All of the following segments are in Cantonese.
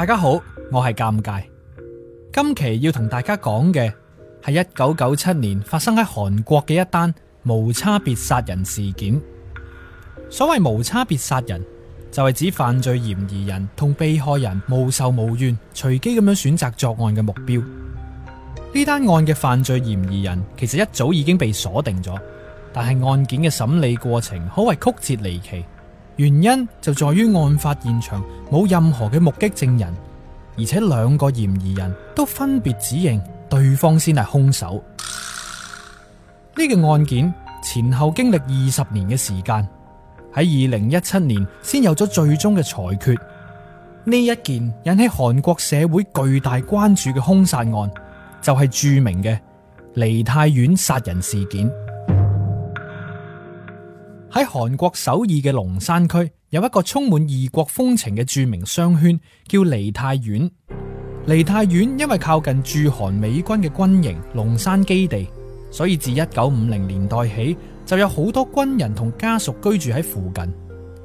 大家好，我係尷尬。今期要同大家講嘅，係一九九七年發生喺韓國嘅一單無差別殺人事件。所謂無差別殺人，就係指犯罪嫌疑人同被害人無仇無怨，隨機咁樣選擇作案嘅目標。呢單案嘅犯罪嫌疑人其實一早已經被鎖定咗，但係案件嘅審理過程可謂曲折離奇。原因就在於案發現場冇任何嘅目擊證人，而且兩個嫌疑人都分別指認對方先係兇手。呢個案件前後經歷二十年嘅時間，喺二零一七年先有咗最終嘅裁決。呢一件引起韓國社會巨大關注嘅凶殺案，就係著名嘅梨泰院殺人事件。喺韓國首爾嘅龍山區有一個充滿異國風情嘅著名商圈，叫梨泰院。梨泰院因為靠近駐韓美軍嘅軍營龍山基地，所以自一九五零年代起就有好多軍人同家屬居住喺附近。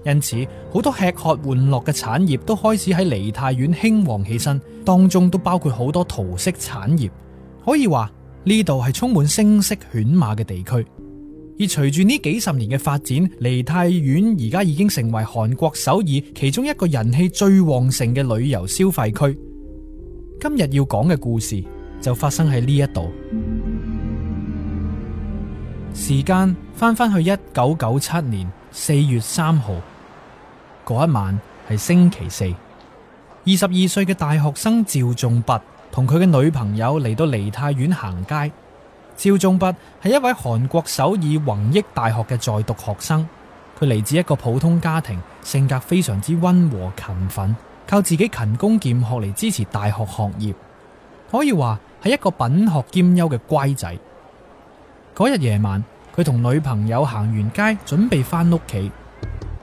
因此，好多吃喝玩樂嘅產業都開始喺梨泰院興旺起身，當中都包括好多桃色產業。可以話呢度係充滿聲色犬馬嘅地區。而隨住呢幾十年嘅發展，梨泰院而家已經成為韓國首爾其中一個人氣最旺盛嘅旅遊消費區。今日要講嘅故事就發生喺呢一度。時間翻翻去一九九七年四月三號，嗰一晚係星期四，二十二歲嘅大學生趙重弼同佢嘅女朋友嚟到梨泰院行街。趙重弼係一位韓國首爾弘益大學嘅在讀學生，佢嚟自一個普通家庭，性格非常之温和勤奮，靠自己勤工儉學嚟支持大學學業，可以話係一個品學兼優嘅乖仔。嗰日夜晚，佢同女朋友行完街，準備返屋企，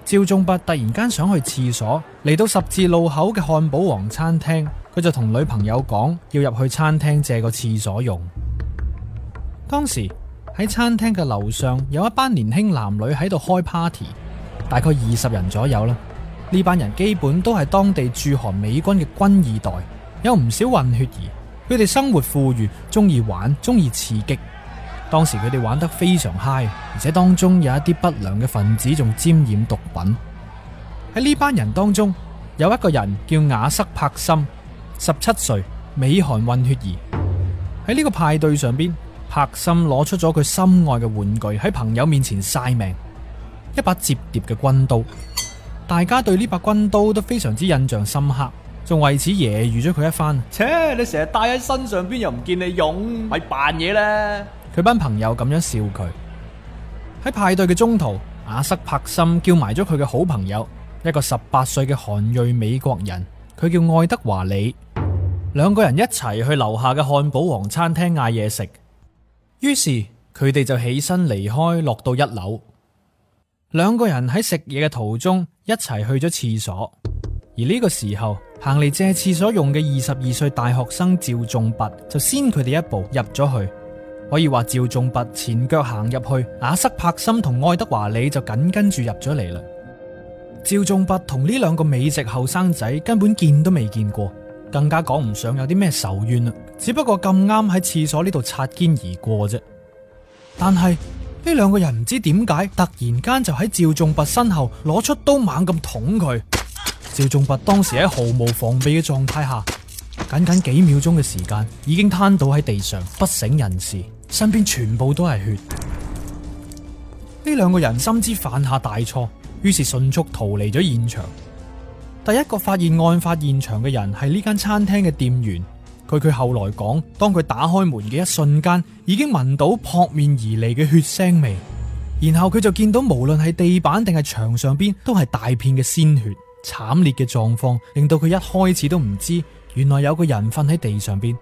趙重弼突然間想去廁所，嚟到十字路口嘅漢堡王餐廳，佢就同女朋友講要入去餐廳借個廁所用。當時喺餐廳嘅樓上有一班年輕男女喺度開 party，大概二十人左右啦。呢班人基本都係當地駐韓美軍嘅軍二代，有唔少混血兒。佢哋生活富裕，中意玩，中意刺激。當時佢哋玩得非常嗨，而且當中有一啲不良嘅分子仲沾染毒品。喺呢班人當中，有一個人叫亞瑟派特森，十七歲，美韓混血兒。喺呢個派對上邊。柏森攞出咗佢心愛嘅玩具喺朋友面前晒命，一把折疊嘅軍刀。大家對呢把軍刀都非常之印象深刻，仲為此揶揄咗佢一番。切，你成日帶喺身上邊又唔見你用，咪扮嘢啦！佢班朋友咁樣笑佢。喺派對嘅中途，亞瑟柏森叫埋咗佢嘅好朋友，一個十八歲嘅韓裔美國人，佢叫愛德華李。兩個人一齊去樓下嘅漢堡王餐廳嗌嘢食。於是佢哋就起身離開，落到一樓。兩個人喺食嘢嘅途中一齊去咗廁所，而呢個時候行嚟借廁所用嘅二十二歲大學生趙重弼就先佢哋一步入咗去。可以話，趙重弼前腳行入去，亞瑟柏森同愛德華李就緊跟住入咗嚟啦。趙重弼同呢兩個美籍後生仔根本見都未見過，更加講唔上有啲咩仇怨啦。只不過咁啱喺廁所呢度擦肩而過啫，但係呢兩個人唔知點解，突然間就喺趙重弼身後攞出刀猛咁捅佢。趙重弼當時喺毫無防備嘅狀態下，僅僅幾秒鐘嘅時間，已經癱倒喺地上，不省人事，身邊全部都係血。呢兩個人深知犯下大錯，於是迅速逃離咗現場。第一個發現案發現場嘅人係呢間餐廳嘅店員。據佢後來講，當佢打開門嘅一瞬間，已經聞到撲面而嚟嘅血腥味，然後佢就見到無論係地板定係牆上邊都係大片嘅鮮血，慘烈嘅狀況令到佢一開始都唔知，原來有個人瞓喺地上邊。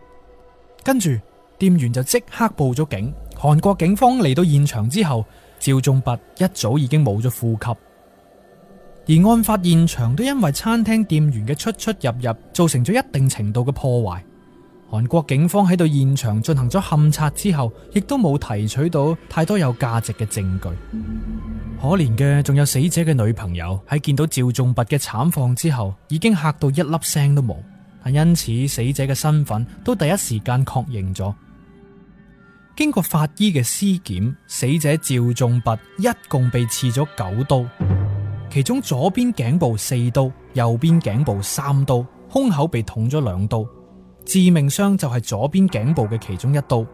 跟住店員就即刻報咗警，韓國警方嚟到現場之後，趙重弼一早已經冇咗呼吸，而案發現場都因為餐廳店員嘅出出入入造成咗一定程度嘅破壞。韓國警方喺度現場進行咗勘察之後，亦都冇提取到太多有價值嘅證據。可憐嘅仲有死者嘅女朋友，喺見到趙重弼嘅慘況之後，已經嚇到一粒聲都冇。但因此，死者嘅身份都第一時間確認咗。經過法醫嘅屍檢，死者趙重弼一共被刺咗九刀，其中左邊頸部四刀，右邊頸部三刀，胸口被捅咗兩刀。致命傷就係左邊頸部嘅其中一刀，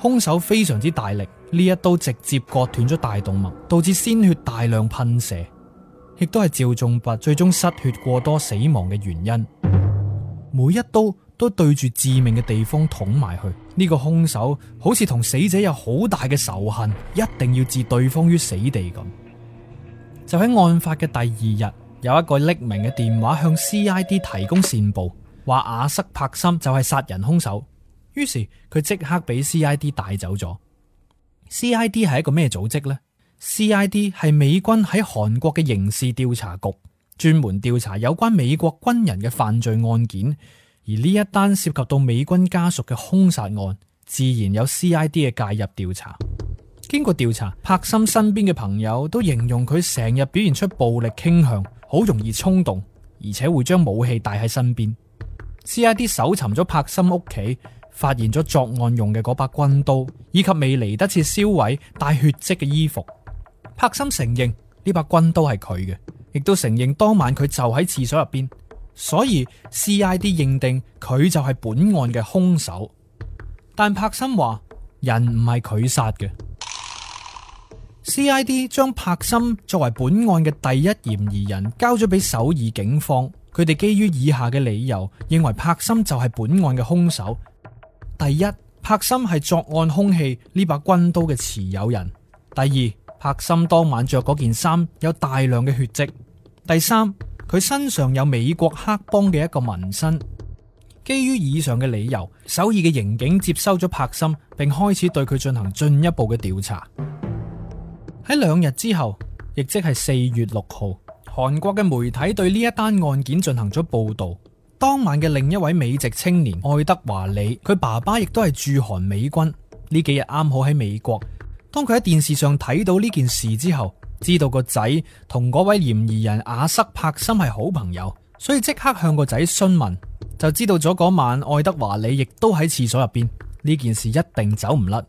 凶手非常之大力，呢一刀直接割斷咗大動脈，導致鮮血大量噴射，亦都係趙重弼最終失血過多死亡嘅原因。每一刀都對住致命嘅地方捅埋去，呢、這個凶手好似同死者有好大嘅仇恨，一定要置對方於死地咁。就喺案發嘅第二日，有一個匿名嘅電話向 C.I.D 提供線報。話亞瑟柏森就係殺人凶手，於是佢即刻俾 C.I.D 帶走咗。C.I.D 係一個咩組織呢？C.I.D 係美軍喺韓國嘅刑事調查局，專門調查有關美國軍人嘅犯罪案件。而呢一單涉及到美軍家屬嘅凶殺案，自然有 C.I.D 嘅介入調查。經過調查，柏森身邊嘅朋友都形容佢成日表現出暴力傾向，好容易衝動，而且會將武器帶喺身邊。C.I.D. 搜尋咗柏森屋企，發現咗作案用嘅嗰把軍刀，以及未嚟得切銷毀帶血迹嘅衣服。柏森承認呢把軍刀係佢嘅，亦都承認當晚佢就喺廁所入邊，所以 C.I.D. 認定佢就係本案嘅兇手。但柏森話人唔係佢殺嘅。C.I.D. 將柏森作為本案嘅第一嫌疑人交咗俾首爾警方。佢哋基於以下嘅理由，認為柏森就係本案嘅凶手。第一，柏森係作案凶器呢把軍刀嘅持有人；第二，柏森當晚着嗰件衫有大量嘅血迹；第三，佢身上有美國黑幫嘅一個紋身。基於以上嘅理由，首爾嘅刑警接收咗柏森，並開始對佢進行進一步嘅調查。喺兩日之後，亦即係四月六號。韓國嘅媒體對呢一單案件進行咗報道。當晚嘅另一位美籍青年愛德華李，佢爸爸亦都係駐韓美軍。呢幾日啱好喺美國，當佢喺電視上睇到呢件事之後，知道個仔同嗰位嫌疑人亞瑟柏森係好朋友，所以即刻向個仔詢問，就知道咗嗰晚愛德華李亦都喺廁所入邊。呢件事一定走唔甩，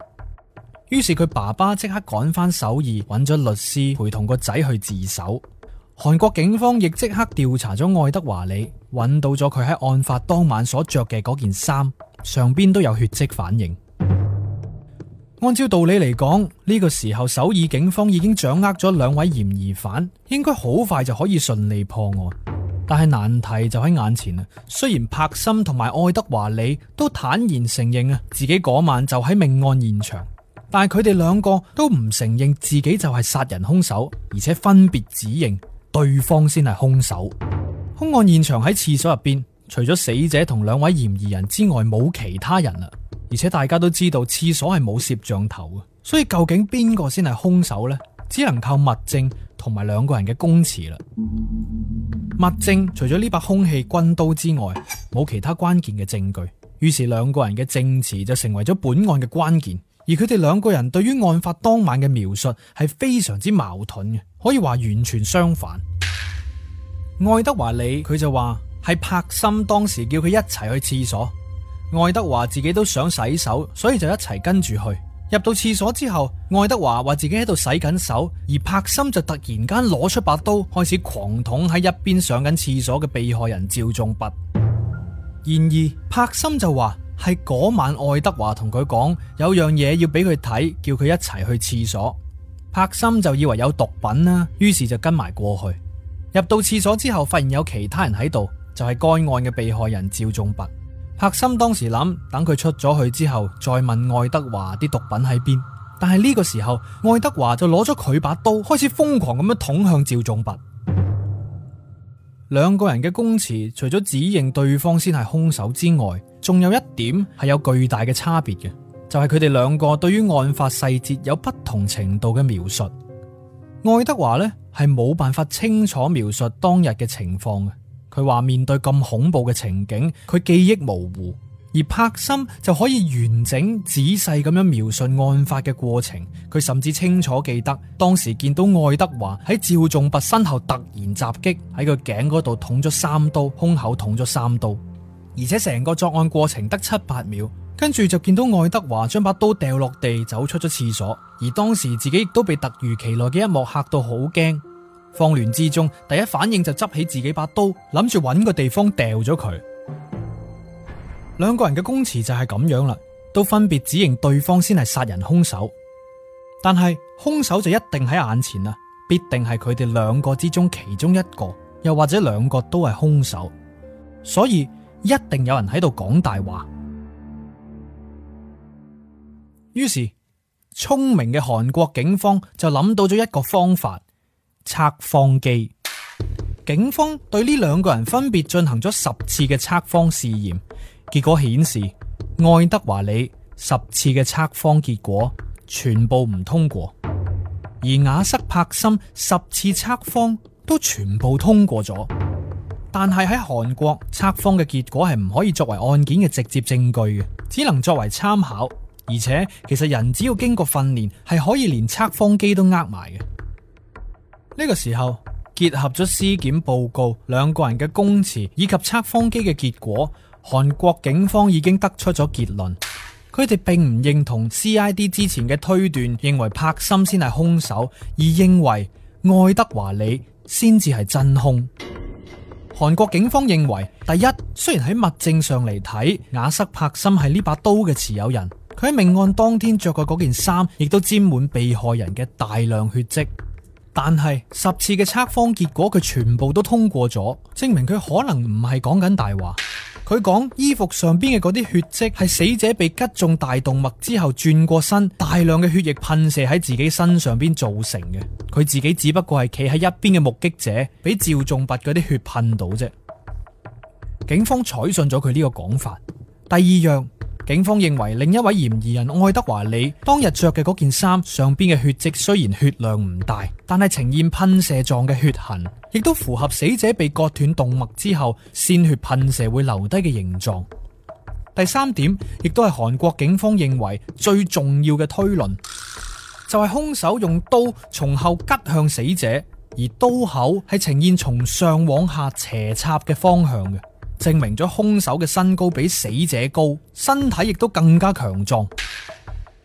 於是佢爸爸即刻趕返首爾，揾咗律師陪同個仔去自首。韓國警方亦即刻調查咗愛德華里，揾到咗佢喺案發當晚所着嘅嗰件衫，上邊都有血跡反應。按照道理嚟講，呢個時候首爾警方已經掌握咗兩位嫌疑犯，應該好快就可以順利破案。但係難題就喺眼前啦。雖然柏森同埋愛德華里都坦然承認啊自己嗰晚就喺命案現場，但係佢哋兩個都唔承認自己就係殺人兇手，而且分別指認，對方先係兇手。兇案現場喺廁所入邊，除咗死者同兩位嫌疑人之外，冇其他人啦。而且大家都知道廁所係冇攝像頭嘅，所以究竟邊個先係兇手呢？只能靠物證同埋兩個人嘅供詞啦。 物證除咗呢把空氣軍刀之外，冇其他關鍵嘅證據。於是兩個人嘅證詞就成為咗本案嘅關鍵。而佢哋兩個人對於案發當晚嘅描述係非常之矛盾嘅，可以話完全相反。愛德華李佢就話係柏森當時叫佢一齊去廁所，愛德華自己都想洗手，所以就一齊跟住去。入到廁所之後，愛德華話自己喺度洗緊手，而柏森就突然間攞出把刀，開始狂捅喺一邊上緊廁所嘅被害人趙重弼。然而柏森就話。係嗰晚，愛德華同佢講有樣嘢要俾佢睇，叫佢一齊去廁所。柏森就以為有毒品啦，於是就跟埋過去。入到廁所之後，發現有其他人喺度，就係、是、該案嘅被害人趙重弼。柏森當時諗，等佢出咗去之後再問愛德華啲毒品喺邊。但係呢個時候，愛德華就攞咗佢把刀，開始瘋狂咁樣捅向趙重弼。兩 個人嘅供詞，除咗指認對方先係兇手之外，仲有一點係有巨大嘅差別嘅，就係佢哋兩個對於案發細節有不同程度嘅描述。愛德華呢係冇辦法清楚描述當日嘅情況嘅，佢話面對咁恐怖嘅情景，佢記憶模糊；而柏森就可以完整仔細咁樣描述案發嘅過程，佢甚至清楚記得當時見到愛德華喺趙重弼身後突然襲擊，喺佢頸嗰度捅咗三刀，胸口捅咗三刀。而且成個作案過程得七八秒，跟住就見到愛德華將把刀掉落地，走出咗廁所。而當時自己亦都被突如其來嘅一幕嚇到好驚，慌亂之中第一反應就執起自己把刀，諗住搵個地方掉咗佢。兩個人嘅供詞就係咁樣啦，都分別指認對方先係殺人兇手，但係兇手就一定喺眼前啦，必定係佢哋兩個之中其中一個，又或者兩個都係兇手，所以，一定有人喺度講大話，於是聰明嘅韓國警方就諗到咗一個方法：測謊機。警方對呢兩個人分別進行咗十次嘅測謊試驗，結果顯示，愛德華李十次嘅測謊結果全部唔通過，而亞瑟派特森十次測謊都全部通過咗。但係喺韓國測謊嘅結果係唔可以作為案件嘅直接證據嘅，只能作為參考。而且其實人只要經過訓練，係可以連測謊機都呃埋嘅。呢個時候，結合咗屍檢報告、兩個人嘅供詞以及測謊機嘅結果，韓國警方已經得出咗結論。佢哋並唔認同 CID 之前嘅推斷，認為柏森先係兇手，而認為愛德華李先至係真兇。韓國警方認為，第一，雖然喺物證上嚟睇，亞瑟派特森係呢把刀嘅持有人，佢喺命案當天着嘅嗰件衫，亦都沾滿被害人嘅大量血跡，但係十次嘅測謊結果，佢全部都通過咗，證明佢可能唔係講緊大話。佢講衣服上邊嘅嗰啲血迹係死者被擊中大動脈之後轉過身，大量嘅血液噴射喺自己身上邊造成嘅。佢自己只不過係企喺一邊嘅目擊者，俾趙重弼嗰啲血噴到啫。警方採信咗佢呢個講法。第二樣。警方認為，另一位嫌疑人愛德華李當日着嘅嗰件衫上邊嘅血迹雖然血量唔大，但係呈現噴射狀嘅血痕，亦都符合死者被割斷動脈之後鮮血噴射會留低嘅形狀。第三點，亦都係韓國警方認為最重要嘅推論，就係兇手用刀從後吉向死者，而刀口係呈現從上往下斜插嘅方向嘅。證明咗凶手嘅身高比死者高，身體亦都更加強壯。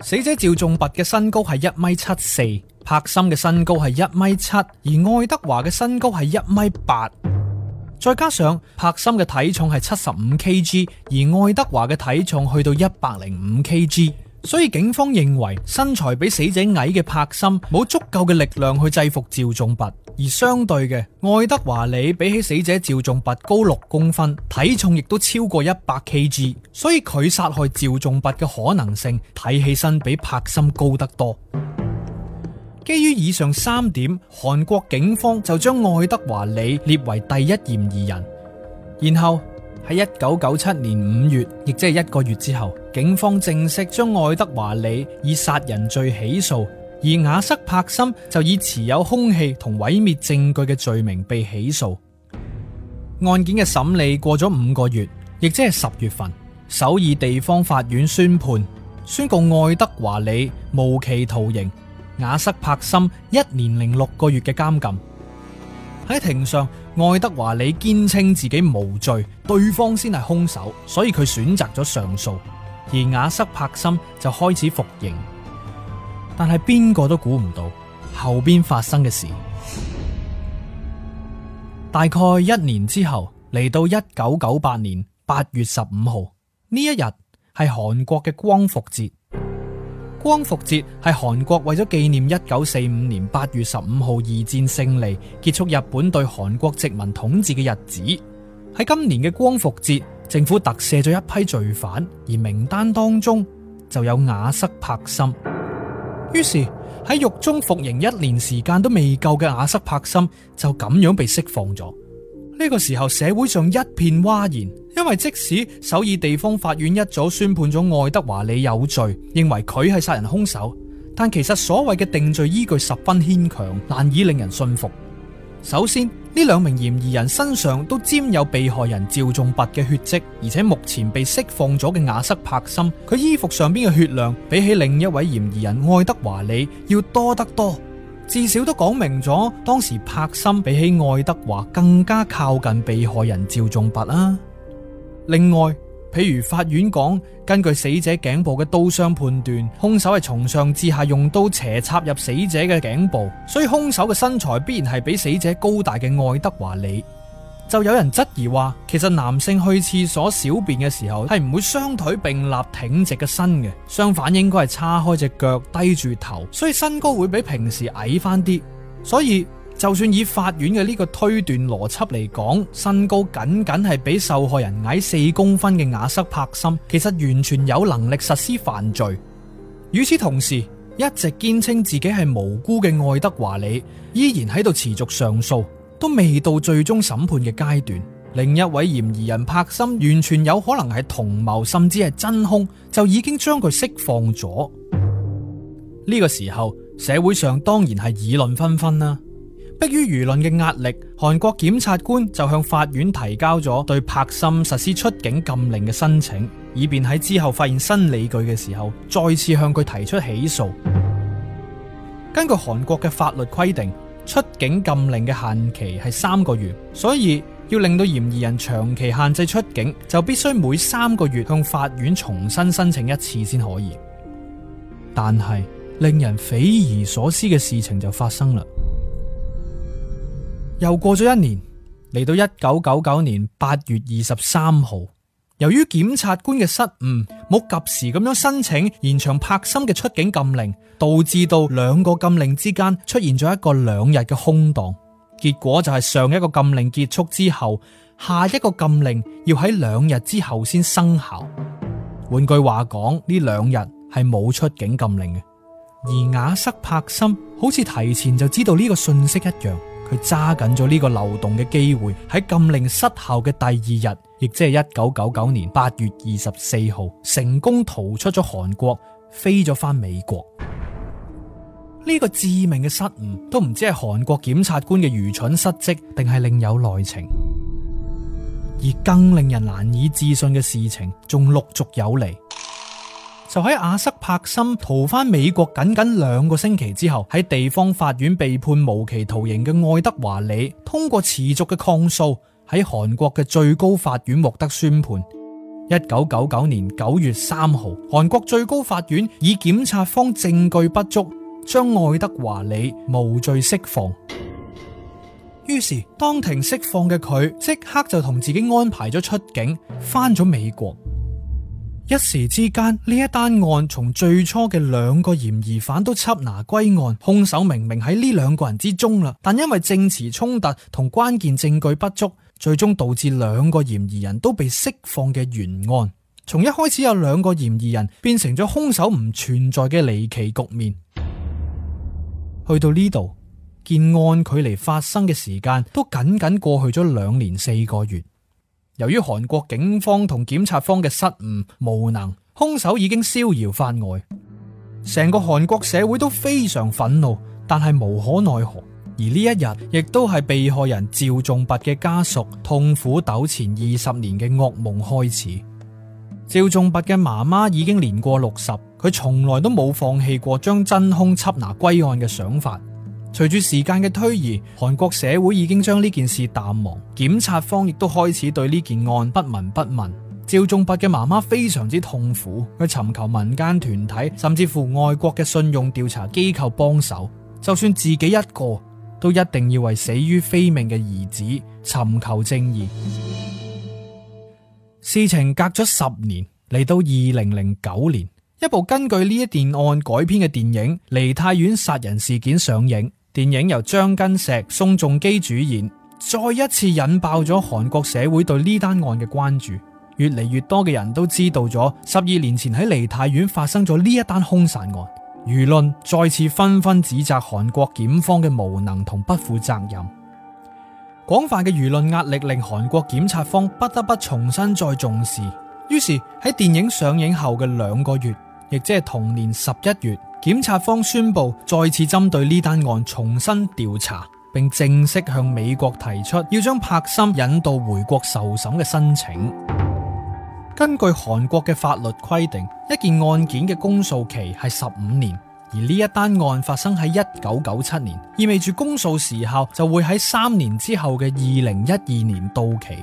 死者趙重弼嘅身高係一米七四，柏森嘅身高係一米七，而愛德華嘅身高係一米八。再加上柏森嘅體重係七十五 kg，而愛德華嘅體重去到一百零五 kg，所以警方認為身材比死者矮嘅柏森冇足夠嘅力量去制服趙重弼。而相對嘅，愛德華·李比起死者趙重弼高六公分，體重亦都超過一百 kg，所以佢殺害趙重弼嘅可能性睇起身比派特森高得多。基於以上三點，韓國警方就將愛德華·李列為第一嫌疑人。然後喺一九九七年五月，亦即係一個月之後，警方正式將愛德華·李以殺人罪起訴。而亞瑟柏森就以持有凶器同毀滅證據嘅罪名被起訴。案件嘅審理過咗五個月，亦即係十月份，首爾地方法院宣判，宣告愛德華李無期徒刑，亞瑟柏森一年零六個月嘅監禁。喺庭上，愛德華李堅稱自己無罪，對方先係兇手，所以佢選擇咗上訴。而亞瑟柏森就開始服刑。但係邊個都估唔到後邊發生嘅事。大概一年之後嚟到一九九八年八月十五號呢一日，係韓國嘅光復節。光復節係韓國為咗紀念一九四五年八月十五號二戰勝利結束日本對韓國殖民統治嘅日子。喺今年嘅光復節，政府特赦咗一批罪犯，而名單當中就有亞瑟柏森。於是喺獄中服刑一年時間都未夠嘅亞瑟派特森就咁樣被釋放咗。呢、這個時候社會上一片嘩然，因為即使首爾地方法院一早宣判咗愛德華李有罪，認為佢係殺人兇手，但其實所謂嘅定罪依據十分牽強，難以令人信服。首先，呢兩名嫌疑人身上都沾有被害人趙重弼嘅血跡，而且目前被釋放咗嘅亞瑟派特森，佢衣服上邊嘅血量比起另一位嫌疑人愛德華李要多得多，至少都講明咗當時派特森比起愛德華更加靠近被害人趙重弼啦、啊。另外，譬如法院講，根據死者頸部嘅刀傷判斷，凶手係從上至下用刀斜插入死者嘅頸部，所以凶手嘅身材必然係比死者高大嘅愛德華李。就有人質疑話，其實男性去廁所小便嘅時候係唔會雙腿並立挺直嘅身嘅，相反應該係叉開隻腳低住頭，所以身高會比平時矮翻啲，所以。就算以法院嘅呢個推斷邏輯嚟講，身高僅僅係比受害人矮四公分嘅亞瑟帕森，其實完全有能力實施犯罪。與此同時，一直堅稱自己係無辜嘅愛德華李依然喺度持續上訴，都未到最終審判嘅階段。另一位嫌疑人帕森完全有可能係同謀，甚至係真凶，就已經將佢釋放咗。呢、這個時候，社會上當然係議論紛紛啦、啊。迫於輿論嘅壓力，韓國檢察官就向法院提交咗對柏森實施出境禁令嘅申請，以便喺之後發現新理據嘅時候，再次向佢提出起訴。根據韓國嘅法律規定，出境禁令嘅限期係三個月，所以要令到嫌疑人長期限制出境，就必須每三個月向法院重新申請一次先可以。但係令人匪夷所思嘅事情就發生啦。又過咗一年，嚟到一九九九年八月二十三號，由於檢察官嘅失誤，冇及時咁樣申請延長柏森嘅出境禁令，導致到兩個禁令之間出現咗一個兩日嘅空檔。結果就係上一個禁令結束之後，下一個禁令要喺兩日之後先生效。換句話講，呢兩日係冇出境禁令嘅。而亞瑟柏森好似提前就知道呢個信息一樣。佢揸緊咗呢個漏洞嘅機會，喺禁令失效嘅第二日，亦即係一九九九年八月二十四號，成功逃出咗韓國，飛咗翻美國。呢個致命嘅失誤，都唔知係韓國檢察官嘅愚蠢失職，定係另有內情。而更令人難以置信嘅事情，仲陸續有嚟。就喺亞瑟柏森逃翻美國僅僅兩個星期之後，喺地方法院被判無期徒刑嘅愛德華里，通過持續嘅抗訴，喺韓國嘅最高法院獲得宣判。一九九九年九月三號，韓國最高法院以檢察方證據不足，將愛德華里無罪釋放。於是當庭釋放嘅佢，即刻就同自己安排咗出境，翻咗美國。一時之間，呢一單案從最初嘅兩個嫌疑犯，都緝拿歸案，凶手明明喺呢兩個人之中啦，但因為證詞衝突同關鍵證據不足，最終導致兩個嫌疑人都被釋放嘅懸案，從一開始有兩個嫌疑人，變成咗凶手唔存在嘅離奇局面。去到呢度，件案距離發生嘅時間都僅僅過去咗兩年四個月。由於韓國警方同檢察方嘅失誤、無能，凶手已經逍遙法外，成個韓國社會都非常憤怒，但係無可奈何。而呢一日亦都係被害人趙重弼嘅家屬痛苦糾纏二十年嘅噩夢開始。趙重弼嘅媽媽已經年過六十，佢從來都冇放棄過將真凶緝拿歸案嘅想法。隨住時間嘅推移，韓國社會已經將呢件事淡忘，檢察方亦都開始對呢件案不聞不問。趙重弼嘅媽媽非常之痛苦，去尋求民間團體甚至乎外國嘅信用調查機構幫手，就算自己一個都一定要為死於非命嘅兒子尋求正義。事情隔咗十年，嚟到二零零九年，一部根據呢一件案改編嘅電影《梨泰院殺人事件》上映。電影由張根碩、宋仲基主演再一次引爆咗韓國社會對呢單案嘅關注。越嚟越多嘅人都知道咗，十二年前喺梨泰院發生咗呢一單兇殺案。輿論再次紛紛指責韓國檢方嘅無能同不負責任。廣泛嘅輿論壓力令韓國檢察方不得不重新再重視。於是喺電影上映後嘅兩個月，亦即係同年十一月。檢察方宣布再次針對呢單案重新調查，並正式向美國提出要將派特森引渡回國受審嘅申請。根據韓國嘅法律規定，一件案件嘅公訴期係十五年，而呢一單案件發生喺一九九七年，意味住公訴時效就會喺三年之後嘅二零一二年到期。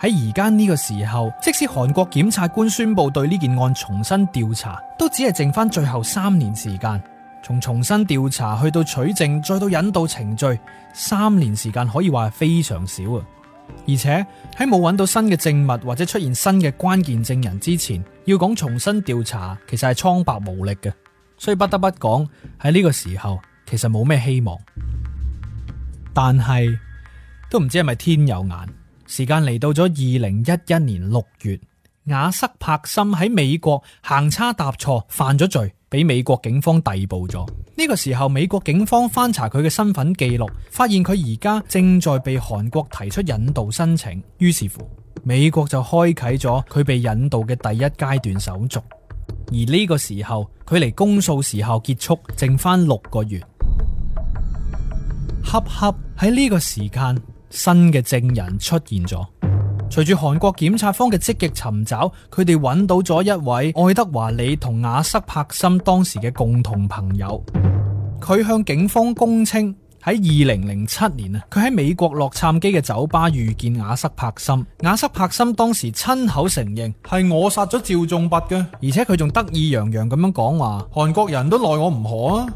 喺而家呢個時候，即使韓國檢察官宣布對呢件案重新調查，都只係剩翻最後三年時間。從重新調查去到取證，再到引導程序，三年時間可以話係非常少啊！而且喺冇揾到新嘅證物或者出現新嘅關鍵證人之前，要講重新調查其實係蒼白無力嘅。所以不得不講喺呢個時候，其實冇咩希望。但係都唔知係咪天有眼。時間嚟到咗二零一一年六月，亞瑟柏森喺美國行差踏錯，犯咗罪，俾美國警方逮捕咗。呢、這個時候，美國警方翻查佢嘅身份記錄，發現佢而家正在被韓國提出引渡申請。於是乎，美國就開啟咗佢被引渡嘅第一階段手續。而呢個時候，距離公訴時效結束剩翻六個月。恰恰喺呢個時間。新嘅證人出現咗，隨住韓國檢察方嘅積極尋找，佢哋揾到咗一位愛德華李同亞瑟柏森當時嘅共同朋友。佢向警方供稱喺二零零七年啊，佢喺美國洛杉磯嘅酒吧遇見亞瑟柏森。亞瑟柏森當時親口承認係我殺咗趙重弼嘅，而且佢仲得意洋洋咁樣講話：韓國人都奈我唔何啊！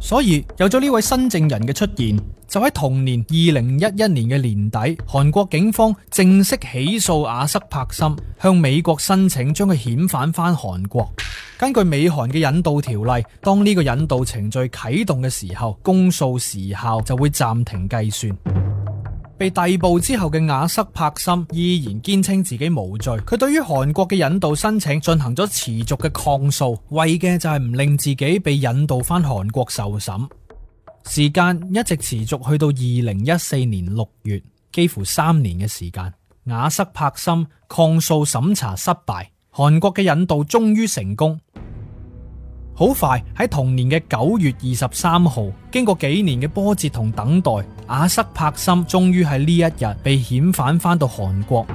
所以有咗呢位新證人嘅出現，就喺同年二零一一年嘅年底，韓國警方正式起訴亞瑟柏森，向美國申請將佢遣返翻韓國。根據美韓嘅引渡條例，當呢個引渡程序啟動嘅時候，公訴時效就會暫停計算。被逮捕之後嘅亞瑟柏森依然堅稱自己無罪，佢對於韓國嘅引渡申請進行咗持續嘅抗訴，為嘅就係唔令自己被引渡翻韓國受審。時間一直持續去到二零一四年六月，幾乎三年嘅時間，亞瑟柏森抗訴審查失敗，韓國嘅引渡終於成功。好快喺同年嘅九月二十三號，經過幾年嘅波折同等待，亞瑟柏森終於喺呢一日被遣返翻到韓國。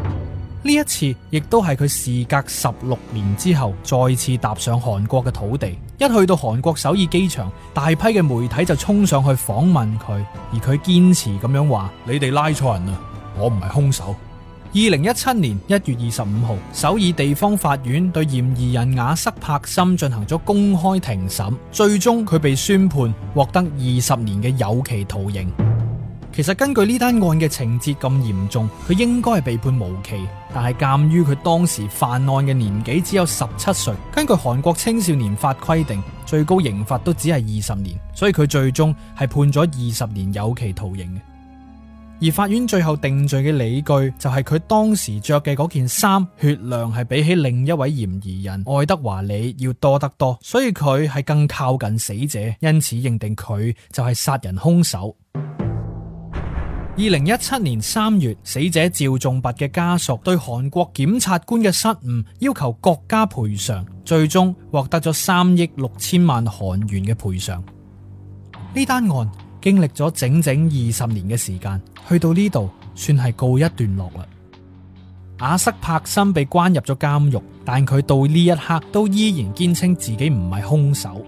呢一次亦都係佢事隔十六年之後再次踏上韓國嘅土地。一去到韓國首爾機場，大批嘅媒體就衝上去訪問佢，而佢堅持咁樣話：你哋拉錯人啦，我唔係凶手。二零一七年一月二十五號，首爾地方法院對嫌疑人亞瑟柏森進行咗公開庭審，最終佢被宣判獲得二十年嘅有期徒刑。 其實根據呢單案嘅情節咁嚴重，佢應該係被判無期，但係鑑於佢當時犯案嘅年紀只有十七歲，根據韓國青少年法規定，最高刑罰都只係二十年，所以佢最終係判咗二十年有期徒刑嘅。而法院最後定罪嘅理據就係佢當時着嘅嗰件衫血量係比起另一位嫌疑人愛德華李要多得多，所以佢係更靠近死者，因此認定佢就係殺人兇手。二零一七年三月，死者趙重弼嘅家屬對韓國檢察官嘅失誤要求國家賠償，最終獲得咗三億六千萬韓元嘅賠償。呢單案。經歷咗整整二十年嘅時間，去到呢度算係告一段落啦。亞瑟柏森被關入咗監獄，但佢到呢一刻都依然堅稱自己唔係兇手。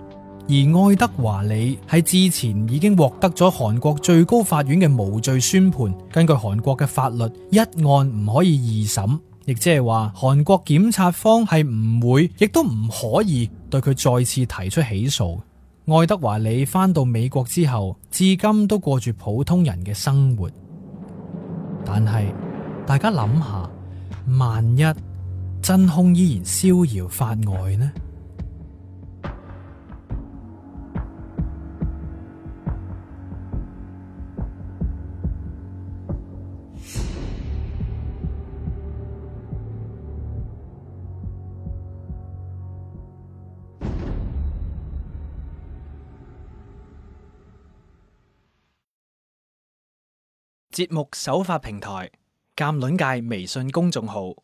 而愛德華李喺之前已經獲得咗韓國最高法院嘅無罪宣判。根據韓國嘅法律，一案唔可以二審，亦即係話韓國檢察方係唔會，亦都唔可以對佢再次提出起訴。愛德華李返到美國之後，至今都過住普通人嘅生活。但係大家諗下，萬一真兇依然逍遙法外呢？節目首發平台：鑑論界微信公眾號。